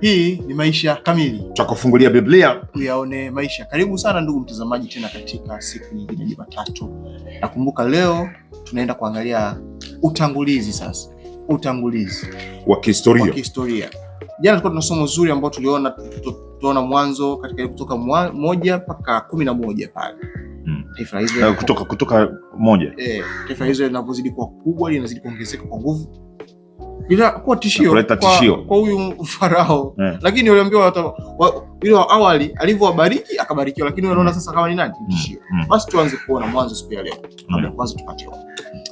Hii ni Maisha Kamili, tutakufungulia Biblia tuyaone maisha. Karibu sana ndugu mtazamaji, tena katika siku nyingine Jumatatu. Nakumbuka leo tunaenda kuangalia utangulizi, sasa utangulizi wa kihistoria wa kihistoria. Jana tulikuwa tuna somo zuri ambao tuliona tuona mwanzo katika kutoka moja mpaka kumi na moja pale Hmm. Eh, kutoka kutoka moja, eh, taifa la Israeli linapozidi kuwa kubwa linazidi kuongezeka kwa nguvu inakuwa tishio kwa huyu Farao yeah. Lakini waliambiwa ile awali alivyowabariki akabarikiwa, lakini unaona mm. sasa kama ni nani tishio. Mm. Mm. Basi tuanze kuona mwanzo siku ya leo, kabla mm. kwanza tupate ombi.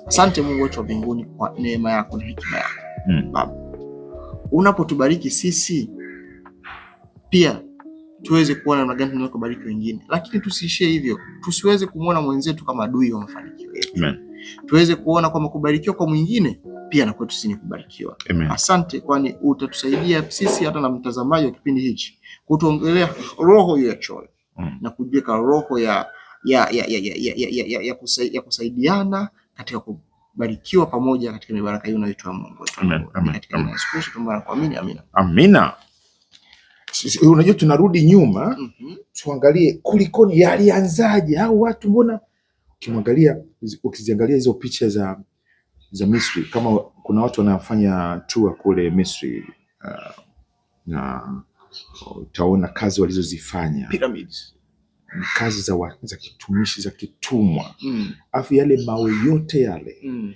Asante Mungu wetu wa mbinguni kwa neema yako na hekima yako mm. Baba, unapotubariki sisi pia tuweze kuona namna gani tunaweza kubariki wengine, lakini tusiishie hivyo, tusiweze kumwona mwenzetu kama adui wa mafanikio yetu, tuweze kuona kwamba kubarikiwa kwa mwingine pia na kwetu sisi kubarikiwa. Asante, kwani utatusaidia sisi hata na mtazamaji wa kipindi hichi kutuongelea roho ya choyo mm. na kujiweka roho ya, ya, ya, ya, ya, ya, ya, ya, kusai, ya kusaidiana katika kubarikiwa pamoja katika mibaraka hiyo inayoitwa Mungu. Amina. Amina. Unajua, tunarudi nyuma mm -hmm. Tuangalie kulikoni, yalianzaje au watu mbona, ukimwangalia ukiziangalia hizo picha za za Misri, kama kuna watu wanafanya tour kule Misri uh, na utaona kazi walizozifanya Pyramids kazi za, wa, za kitumishi za kitumwa mm. Afu yale mawe yote yale mm.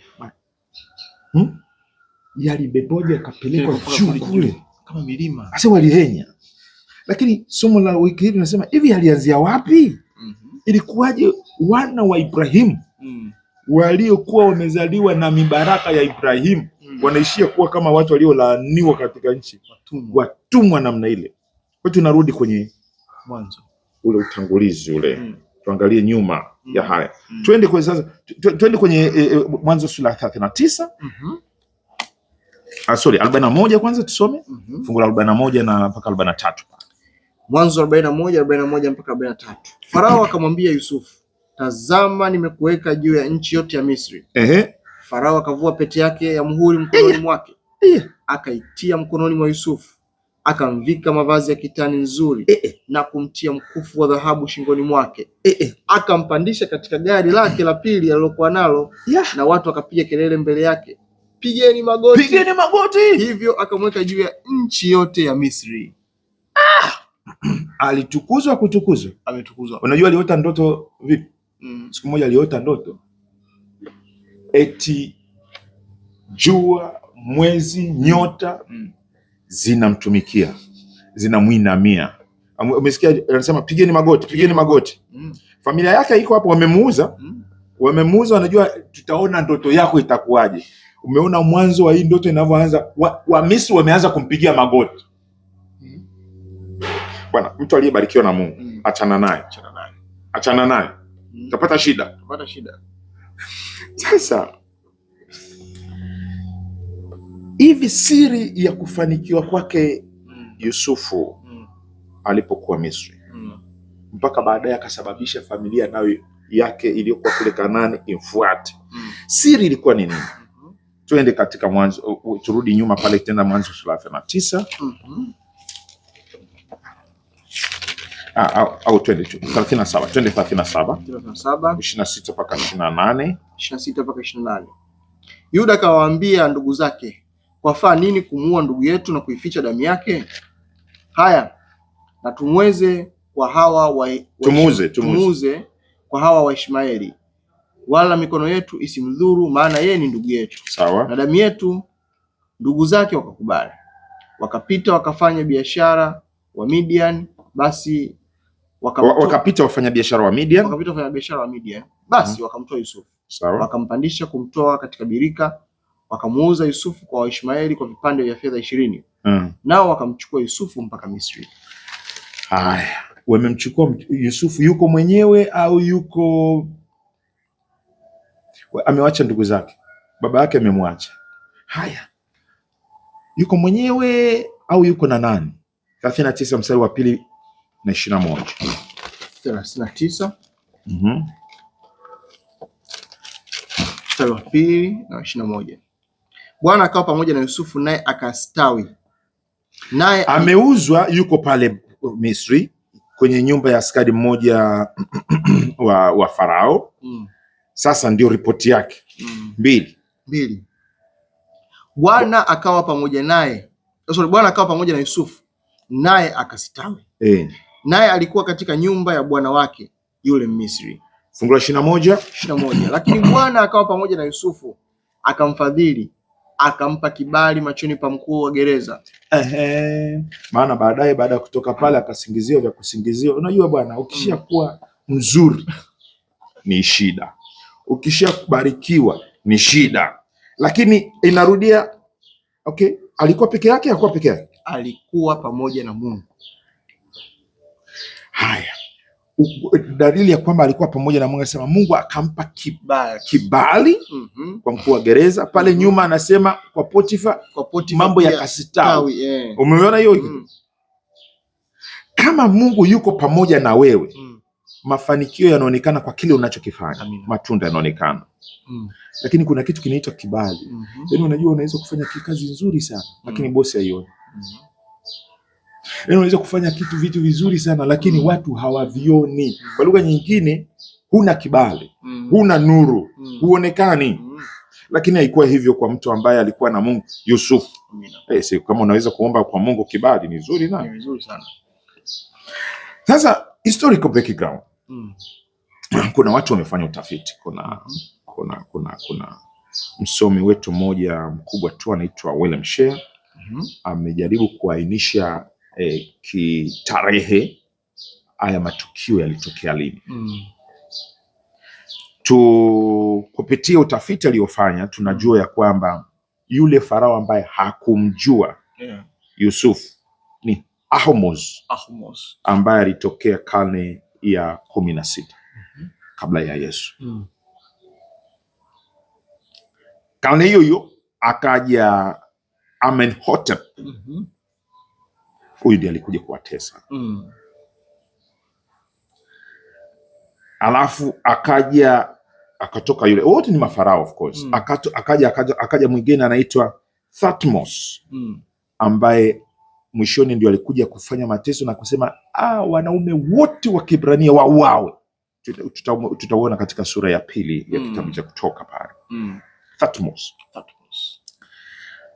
hmm? yalibebwaje yakapelekwa juu kule kama milima, asema walihenya. Lakini somo la wiki hii tunasema hivi, alianzia wapi? mm -hmm. Ilikuwaje wana wa Ibrahimu mm waliokuwa wamezaliwa na mibaraka ya Ibrahimu mm. wanaishia kuwa kama watu waliolaaniwa katika nchi, watumwa watumwa namna ile. Kwa hiyo tunarudi kwenye mwanzo ule utangulizi ule mm. tuangalie nyuma mm. ya haya mm. twende kwenye sasa, twende kwenye eh, Mwanzo sura ya 39 mm -hmm. ah, sorry na moja kwanza tusome mm -hmm. fungu la 41 na mpaka na tatu Mwanzo 41 41 mpaka 43 Farao akamwambia Yusufu tazama nimekuweka juu ya nchi yote ya Misri. Ehe. Farao akavua pete yake ya muhuri mkononi mwake akaitia mkononi mwa Yusufu akamvika mavazi ya kitani nzuri Ehe. na kumtia mkufu wa dhahabu shingoni mwake akampandisha katika gari lake la pili alilokuwa nalo yeah. na watu wakapiga kelele mbele yake, pigeni magoti, pigeni magoti. Hivyo akamweka juu ya nchi yote ya Misri. Ah! Alitukuzwa, kutukuzwa, ametukuzwa. Unajua aliota ndoto vipi? mm. Siku moja aliota ndoto eti jua, mwezi, nyota mm. zinamtumikia zinamwinamia. Umesikia, anasema pigeni magoti, pigeni magoti mm. Familia yake iko hapo, wamemuuza mm. Wamemuuza, wanajua tutaona ndoto yako itakuwaje. Umeona mwanzo wa hii ndoto inavyoanza, Wamisri wa wameanza kumpigia magoti mm. Bwana, mtu aliyebarikiwa na Mungu mm. achana naye, achana naye, achana naye. Mm. utapata shida, utapata shida. Sasa hivi siri ya kufanikiwa kwake mm. Yusufu mm. alipokuwa Misri mpaka baadaye akasababisha familia nayo yake iliyokuwa kule Kanaani imfuate, siri ilikuwa ni nini? Tuende katika Mwanzo, turudi nyuma pale tena Mwanzo sura ya -hmm. Ah, au twende 37 twende 37 26 mpaka 28 26 mpaka 28. Yuda akawaambia ndugu zake, wafaa nini kumuua ndugu yetu na kuificha damu yake? Haya, na tumweze kwa hawa wa, wa tumuze, tumuze. Tumuze kwa hawa wa Ishmaeli, wala mikono yetu isimdhuru, maana yeye ni ndugu yetu sawa, na damu yetu. Ndugu zake wakakubali, wakapita wakafanya biashara wa Midian. Basi wakapita wafanyabiashara wa media, wakapita wafanyabiashara wa media, basi mm. wakamtoa Yusuf, sawa, wakampandisha kumtoa katika birika, wakamuuza Yusufu kwa Waishmaeli kwa vipande vya fedha ishirini. Mm. Nao wakamchukua Yusufu mpaka Misri. Haya, wamemchukua Yusufu, yuko mwenyewe au yuko amewacha ndugu zake? Baba yake amemwacha. Haya, yuko mwenyewe au yuko na nani? 39 mstari wa pili na ishirini na moja thelathini na tisa mhm. mstari wa pili na ishirini na moja Bwana akawa pamoja na Yusufu naye akastawi, naye ameuzwa, yuko pale Misri kwenye nyumba ya askari mmoja wa, wa Farao mm. Sasa ndio ripoti yake mm. mbili mbili. Bwana akawa pamoja naye, Bwana akawa pamoja na Yusufu naye akastawi e naye alikuwa katika nyumba ya bwana wake yule Misri. Fungu la ishirini na moja ishirini na moja lakini Bwana akawa pamoja na Yusufu akamfadhili akampa kibali machoni pa mkuu wa gereza. Ehe, maana baadaye baada ya kutoka pale akasingiziwa vya kusingiziwa. Unajua bwana, ukishia kuwa mzuri ni shida, ukishia kubarikiwa ni shida, lakini inarudia okay. Alikuwa peke yake, hakuwa peke yake, alikuwa pamoja na Mungu. Haya, dalili ya kwamba alikuwa pamoja na Mungu anasema Mungu akampa kibali, kibali mm -hmm. kwa mkuu wa gereza pale mm -hmm. nyuma anasema kwa Potifa, kwa Potifa mambo yakastawi yeah. Umeona hiyo mm. Kama Mungu yuko pamoja na wewe mm. mafanikio yanaonekana kwa kile unachokifanya matunda yanaonekana mm. lakini kuna kitu kinaitwa kibali mm -hmm. Yaani unajua unaweza kufanya kazi nzuri sana mm. lakini bosi haioni mm -hmm. Yaani unaweza kufanya kitu vitu vizuri sana lakini mm. watu hawavioni. Kwa lugha nyingine, huna kibali mm. huna nuru mm. huonekani mm. Lakini haikuwa hivyo kwa mtu ambaye alikuwa na Mungu, Yusufu. Hey, eh, kama unaweza kuomba kwa Mungu kibali ni nzuri na nzuri sana. Sasa historical background mm. kuna watu wamefanya utafiti, kuna mm. kuna kuna kuna msomi wetu mmoja mkubwa tu anaitwa William Shea mm -hmm. amejaribu kuainisha eh, kitarehe haya matukio yalitokea lini. Mm. Tu kupitia utafiti aliyofanya tunajua ya kwamba yule farao ambaye hakumjua yeah. Yusuf ni Ahmos, Ahmos ambaye alitokea karne ya kumi na sita mm -hmm. kabla ya Yesu mm. karne hiyo hiyo akaja Amenhotep mm -hmm huyu ndiye alikuja kuwatesa mm. Alafu akaja akatoka yule, wote ni mafarao of course mm. Akato, akaja, akaja, akaja mwingine anaitwa Thutmose mm. ambaye mwishoni ndio alikuja kufanya mateso na kusema ah, wanaume wote wa kibrania wauawe. Tutauona tuta katika sura ya pili ya mm. kitabu cha Kutoka pale mm. Thutmose. Thutmose.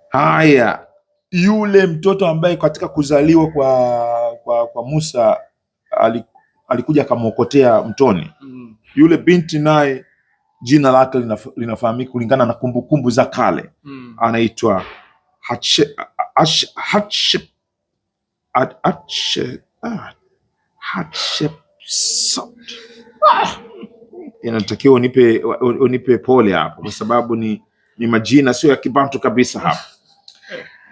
Haya yule mtoto ambaye katika kuzaliwa kwa kwa, kwa Musa alikuja akamwokotea mtoni mm. Yule binti naye jina lake linafahamika kulingana na kumbukumbu kumbu za kale mm. Anaitwa ah, ah. Inatakiwa unipe unipe pole hapo, kwa sababu ni, ni majina sio ya kibantu kabisa hapa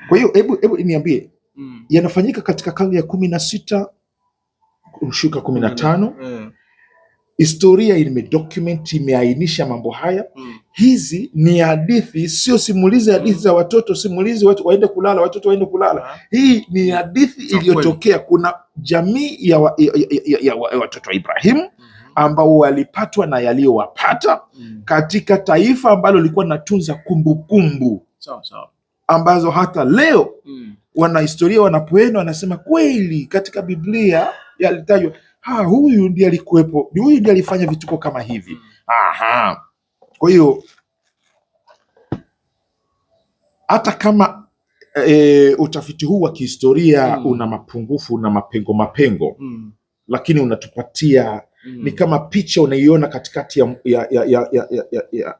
kwa hiyo hebu hebu niambie mm. yanafanyika katika karne ya kumi na sita kushuka kumi na tano mm. Historia imedocument imeainisha mambo haya mm. Hizi ni hadithi, sio simulizi, hadithi za mm. watoto, simulizi watu waende kulala, watoto waende kulala ha. Ah. Hii ni hadithi iliyotokea. Kuna jamii ya, wa, ya, ya, ya, ya watoto wa Ibrahimu mm-hmm. ambao walipatwa na yaliyowapata mm. katika taifa ambalo lilikuwa linatunza kumbukumbu sawa sawa ambazo hata leo mm. wanahistoria wanapoenda wanasema kweli katika Biblia yalitajwa, ha, huyu ndiye alikuwepo, huyu ndiye alifanya vituko kama hivi mm. Aha, kwa hiyo hata kama e, utafiti huu wa kihistoria mm. una mapungufu una mapengo mapengo mm. lakini unatupatia mm. ni kama picha unaiona katikati ya, ya, ya, ya, ya, ya, ya,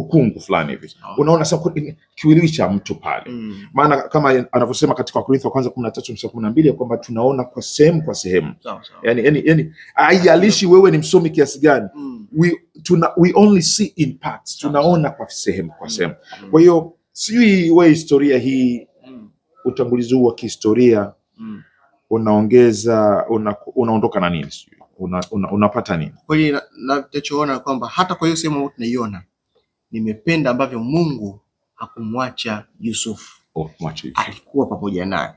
ukungu fulani hivi oh. Unaona sasa kiwiliwi cha mtu pale mm. Maana kama anavyosema katika Wakorintho wa kwanza kumi na tatu mstari kumi na mbili ya kwamba tunaona kwa sehemu kwa sehemu, yani yani yani haijalishi wewe ni msomi kiasi gani mm. we, tuna, we only see in parts, tunaona kwa sehemu kwa mm. sehemu mm. Kwa hiyo sijui we historia hii mm. utangulizi huu wa kihistoria mm. unaongeza unaondoka una na nini sijui unapata una, una nini kwa kweli, nachoona kwamba hata kwa hiyo sehemu tunaiona nimependa ambavyo Mungu hakumwacha Yusuf, oh, alikuwa pamoja naye,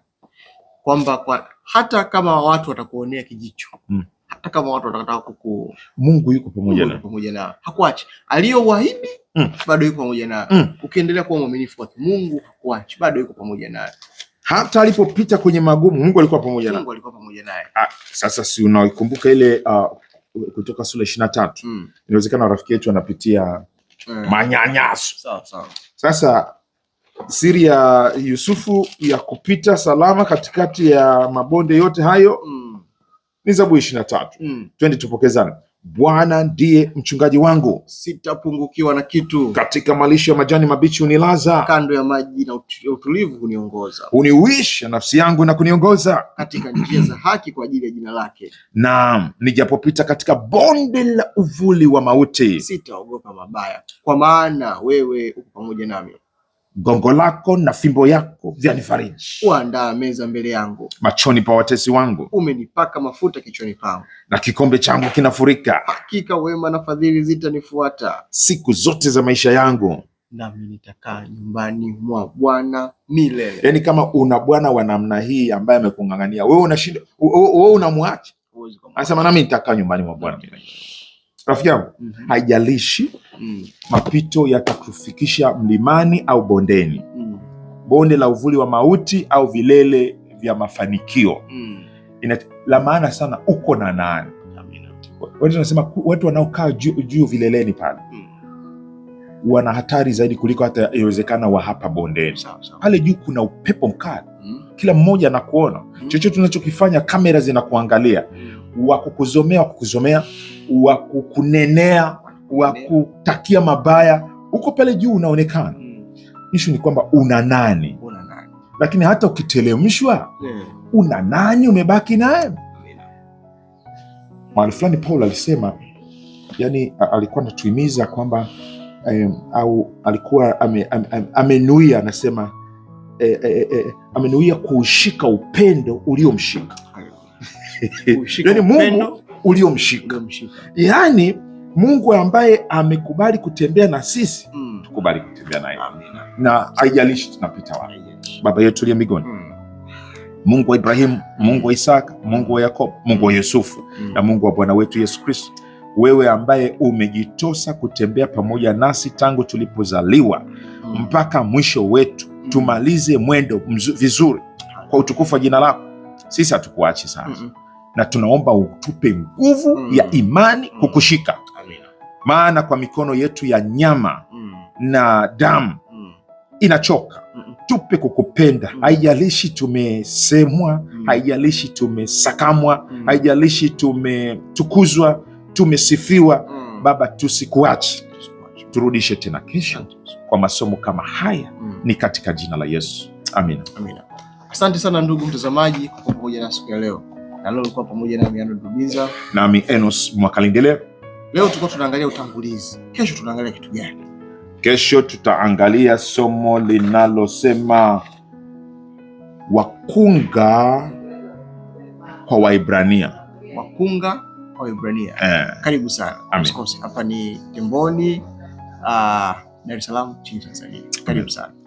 kwamba kwa, hata kama watu watakuonea kijicho mm. hata kama watu watakataka kuku, Mungu yuko pamoja naye, pamoja hakuachi aliyowaahidi mm. bado yuko pamoja naye mm. ukiendelea kuwa mwaminifu kwake Mungu hakuachi, bado yuko pamoja naye hata alipopita kwenye magumu Mungu alikuwa pamoja naye. Mungu alikuwa pamoja naye. Ah, sasa si unaikumbuka ile uh, kutoka sura ishirini na tatu mm. inawezekana rafiki yetu anapitia mm. manyanyaso Sasa siri ya Yusufu ya kupita salama katikati ya mabonde yote hayo mm. ni Zaburi ishirini na tatu mm. twende tupokezana Bwana ndiye mchungaji wangu, sitapungukiwa na kitu. Katika malisho ya majani mabichi hunilaza, kando ya maji na utulivu huniongoza. Huniwisha nafsi yangu na kuniongoza katika njia za haki kwa ajili ya jina lake. Naam, nijapopita katika bonde la uvuli wa mauti, sitaogopa mabaya, kwa maana wewe uko pamoja nami gongo lako na fimbo yako vyanifariji. Uandaa meza mbele yangu machoni pa watesi wangu, umenipaka mafuta kichwani pangu, na kikombe changu kinafurika. Hakika wema na fadhili zitanifuata siku zote za maisha yangu, nami nitakaa nyumbani mwa Bwana milele. Yaani, kama una bwana wa namna hii ambaye amekung'ang'ania wewe, unashinda wewe, unamwacha, anasema nami nitakaa nyumbani mwa Bwana milele rafiki yangu mm -hmm. haijalishi mm. mapito yatakufikisha mlimani au bondeni mm. bonde la uvuli wa mauti au vilele vya mafanikio mm. Ina, la maana sana uko na nani. Watu wanasema watu wanaokaa juu, juu vileleni pale mm. wana hatari zaidi kuliko hata iwezekana wa hapa bondeni sao, sao. Pale juu kuna upepo mkali mm. kila mmoja anakuona mm. chochote unachokifanya kamera zinakuangalia mm wa kukuzomea, wa kukuzomea, wa kukunenea, wa kutakia mabaya, uko pale juu unaonekana. Mm. Ishu ni kwamba una nani? Lakini hata ukitelemshwa, una nani umebaki naye? Mahali fulani Paul alisema, yani alikuwa anatuimiza kwamba um, au alikuwa ame, ame, amenuia anasema e, e, e, amenuia kuushika upendo uliomshika yani Mungu uliomshika yani Mungu ambaye amekubali kutembea na sisi mm. tukubali kutembea naye na haijalishi tunapita wapi. Baba yetu uliye mbinguni mm. Mungu wa Ibrahimu, Mungu wa Isaka, Mungu wa Yakobo, Mungu wa Yusufu mm. na Mungu wa Bwana wetu Yesu Kristo, wewe ambaye umejitosa kutembea pamoja nasi tangu tulipozaliwa mm. mpaka mwisho wetu mm. tumalize mwendo mzu, vizuri kwa utukufu wa jina lako sisi hatukuachi sana mm -mm. na tunaomba utupe nguvu mm -mm. ya imani mm -mm. kukushika Amina. maana kwa mikono yetu ya nyama mm -mm. na damu mm -mm. inachoka mm -mm. tupe kukupenda mm -mm. haijalishi tumesemwa mm -mm. haijalishi tumesakamwa mm -mm. haijalishi tumetukuzwa tumesifiwa mm -mm. Baba, tusikuachi turudishe tena kesho kwa masomo kama haya mm. Ni katika jina la Yesu, amina, amina. Asante sana ndugu mtazamaji kwa pamoja na siku ya leo, na leo ulikuwa pamoja nami Arnold Rubinza nami Enos Mwakalindele. Leo tulikuwa tunaangalia utangulizi, kesho tunaangalia kitu gani? Kesho tutaangalia somo linalosema wakunga kwa Waibrania, wakunga kwa Waibrania eh. Karibu sana, usikose. Hapa ni Temboni, ah, Dar es Salaam, nchini Tanzania. Karibu sana.